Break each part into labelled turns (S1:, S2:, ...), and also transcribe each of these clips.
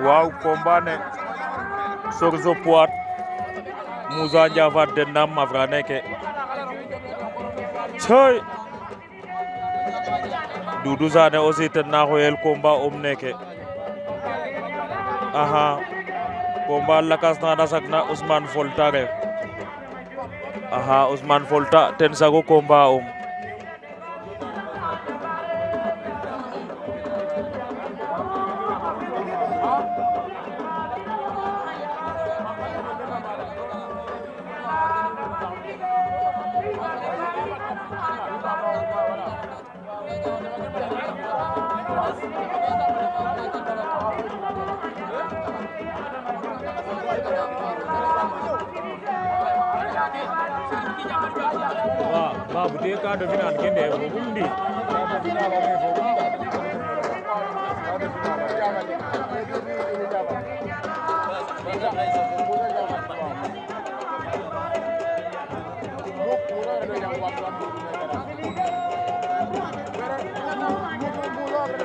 S1: waaw combat ne Sorzo Pointe Moussa Diafa Dendam Afraneke. Choy. Doudou Sane aussi tenna xoyel combat om neke. Aha. Combat lakas na nasakna Ousmane Folta ref. Aha Ousmane Folta ten sago combat om. ba bute ka do finan kende bo bundi Thank you.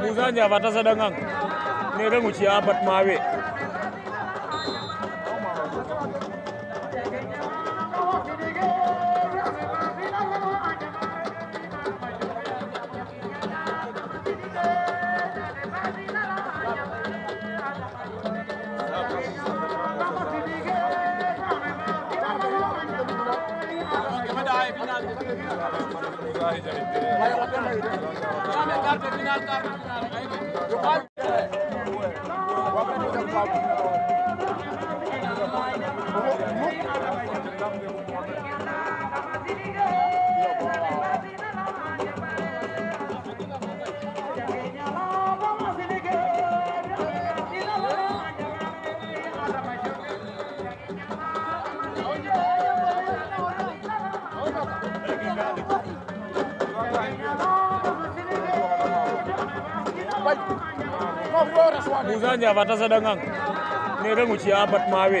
S1: Moussa Ndiaye fa tasa dangang nega nguci a bat mawe है Muzanya batasa dangang ne ga mu ciya mawe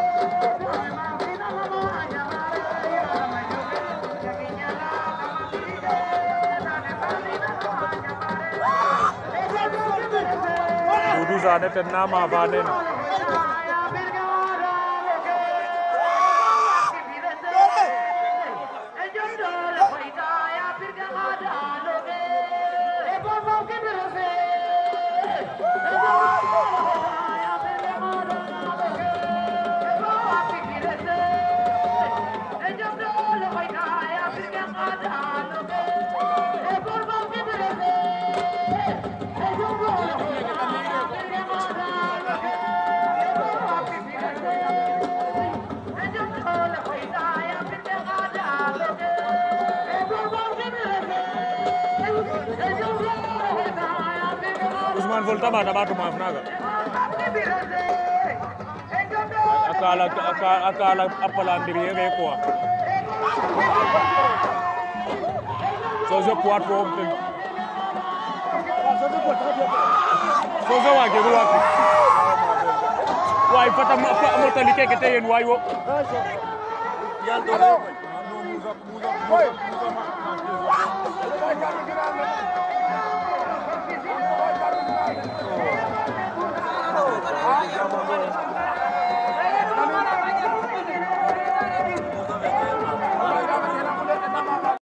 S1: Gudu zane ten nama vanena. man vol taba taba to mafnaga akala akala apala ndiriere kwa sozo kwatro sozo wage bulwaki way fata motali keke teyen wayo yal do muza muza muza muza